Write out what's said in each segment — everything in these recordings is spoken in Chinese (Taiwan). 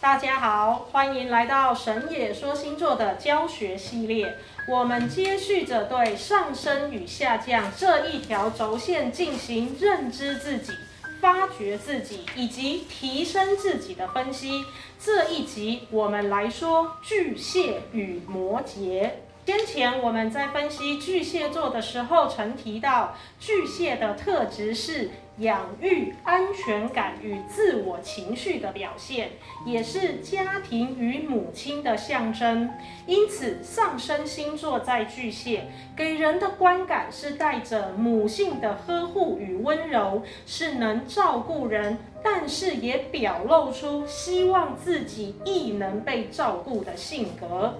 大家好，歡迎來到神野說星座的教學系列。我們接續着對上升與下降這一條軸線進行認知自己、發掘自己以及提升自己的分析。這一集我們來說巨蟹與摩羯。先前我們在分析巨蟹座的時候曾提到，巨蟹的特質是，養育安全感與自我情緒的表現，也是家庭與母親的象徵。因此，上升星座在巨蟹，給人的觀感是帶着母性的呵護與溫柔，是能照顧人，但是也表露出希望自己亦能被照顧的性格。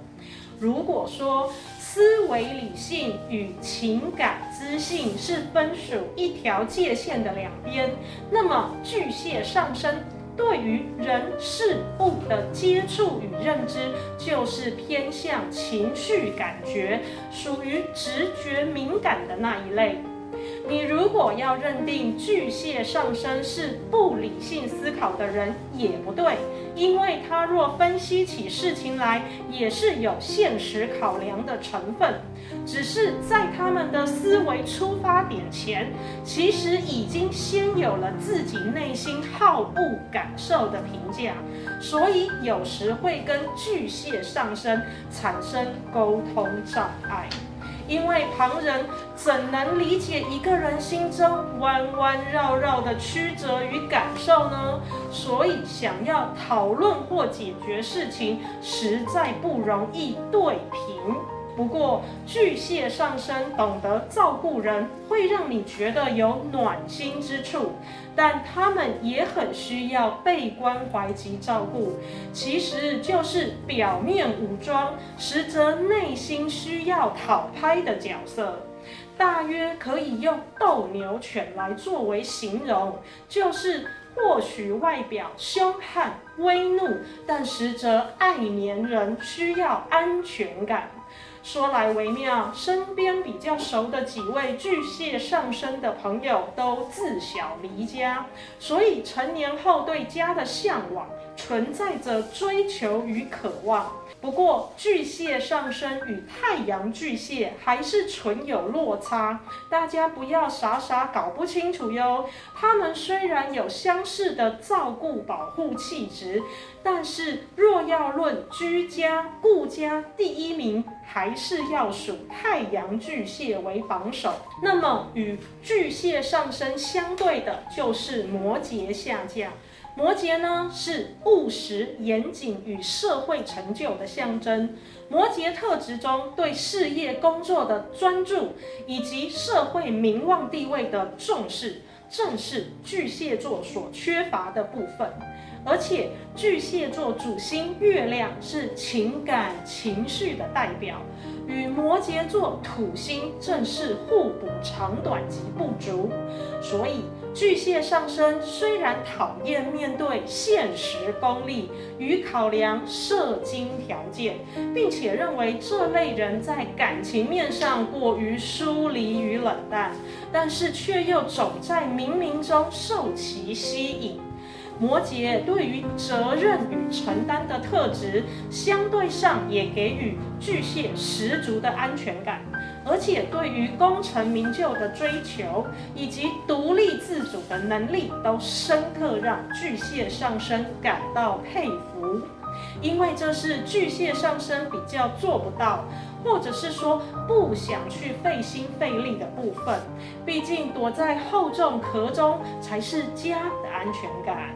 如果說，思維理性與情感知性是分屬一條界限的兩邊。那麼巨蟹上升對於人事物的接觸與認知，就是偏向情緒感覺，屬於直覺敏感的那一類。你如果要認定巨蟹上升是不理性思考的人，也不對，因為他若分析起事情來，也是有現實考量的成分，只是在他們的思維出發點前，其實已經先有了自己內心好惡感受的評價，所以有時會跟巨蟹上升產生溝通障礙。因為旁人怎能理解一個人心中彎彎繞繞的曲折與感受呢？所以想要討論或解決事情，實在不容易對平。不過，巨蟹上升懂得照顧人，會讓你覺得有暖心之處。但他們也很需要被關懷及照顧，其實就是表面武裝，實則內心需要討拍的角色。大約可以用鬥牛犬來作為形容，就是或許外表兇悍。微怒，但實則愛粘人，需要安全感。說來微妙，身邊比較熟的幾位巨蟹上升的朋友，都自小離家，所以成年後對家的向往，存在着追求與渴望。不過，巨蟹上升與太陽巨蟹還是存有落差，大家不要傻傻搞不清楚喲。他們雖然有相似的照顧、保護氣質。但是，若要論居家顧家第一名，還是要數太陽巨蟹為榜首。那麼，與巨蟹上升相對的，就是摩羯下降。摩羯呢，是務實嚴謹與社會成就的象徵。摩羯特質中對事業工作的專注，以及社會名望地位的重視，正是巨蟹座所缺乏的部分。而且巨蟹座主星月亮是情感情緒的代表，與摩羯座土星正是互補長短及不足。所以巨蟹上升雖然討厭面對現實功利與考量社經條件，並且認為這類人在感情面上過於疏離與冷淡，但是卻又總在冥冥中受其吸引。摩羯對於責任與承擔的特質，相對上也給予巨蟹十足的安全感，而且對於功成名就的追求以及獨立自主的能力，都深刻讓巨蟹上升感到佩服，因為這是巨蟹上升比較做不到，或者是說不想去費心費力的部分，畢竟躲在厚重殼中才是家的安全感。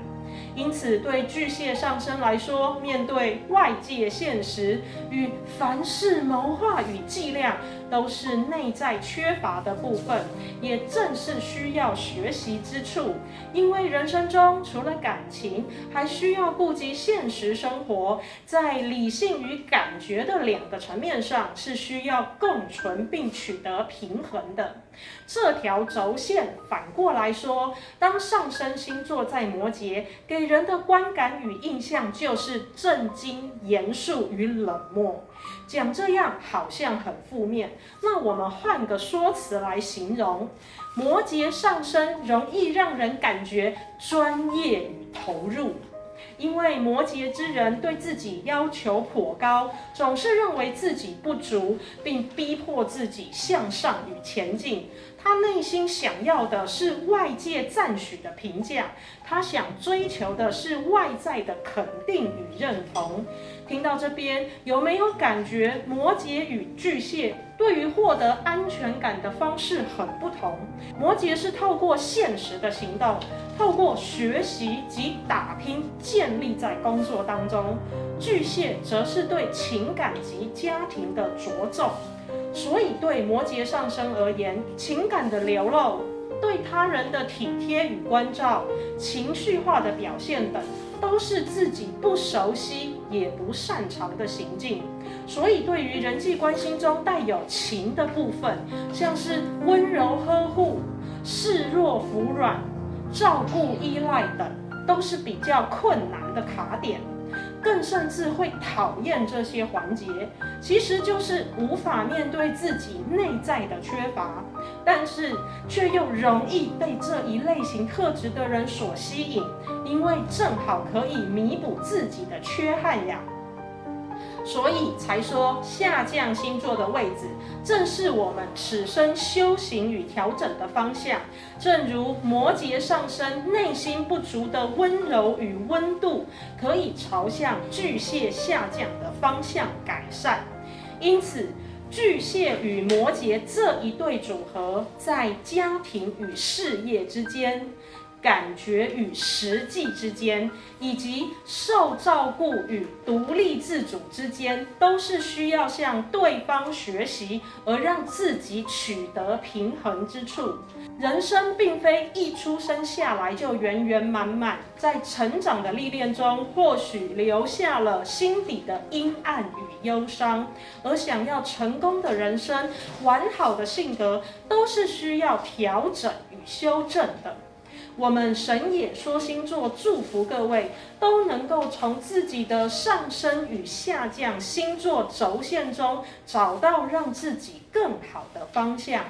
因此，對巨蟹上升來說，面對外界現實與凡事謀劃與計量，都是內在缺乏的部分，也正是需要學習之處。因為人生中除了感情，還需要顧及現實生活，在理性與感覺的兩個層面上是需要共存並取得平衡的。這條軸線反過來說，當上升星座在摩羯跟給人的觀感與印象就是正經、嚴肅與冷漠。講這樣好像很負面，那我們換個說辭來形容。摩羯上升容易讓人感覺專業與投入，因為摩羯之人對自己要求頗高，總是認為自己不足，並逼迫自己向上與前進。他內心想要的是外界贊許的評價，他想追求的是外在的肯定與認同。聽到這邊，有沒有感覺摩羯與巨蟹對於獲得安全感的方式很不同？摩羯是透過現實的行動，透過學習及打拼建立在工作當中；巨蟹則是對情感及家庭的着重。所以，對摩羯上升而言，情感的流露、對他人的體貼與關照、情緒化的表現等，都是自己不熟悉也不擅長的行徑。所以，對於人際關係中帶有情的部分，像是溫柔呵護、示弱服軟、照顧依賴等，都是比較困難的卡點。更甚至會討厭這些環節，其實就是無法面對自己內在的缺乏，但是卻又容易被這一類型特質的人所吸引，因為正好可以彌補自己的缺憾呀。所以才說下降星座的位置，正是我們此生修行與調整的方向。正如摩羯上升，內心不足的溫柔與溫度，可以朝向巨蟹下降的方向改善。因此，巨蟹與摩羯這一對組合，在家庭與事業之間，感覺與實際之間，以及受照顧與獨立自主之間，都是需要向對方學習，而讓自己取得平衡之處。人生並非一出生下來就圓圓滿滿，在成長的歷練中，或許留下了心底的陰暗與憂傷，而想要成功的人生，完好的性格，都是需要調整與修正的。我們神野說星座祝福各位，都能夠從自己的上升與下降星座軸線中，找到讓自己更好的方向。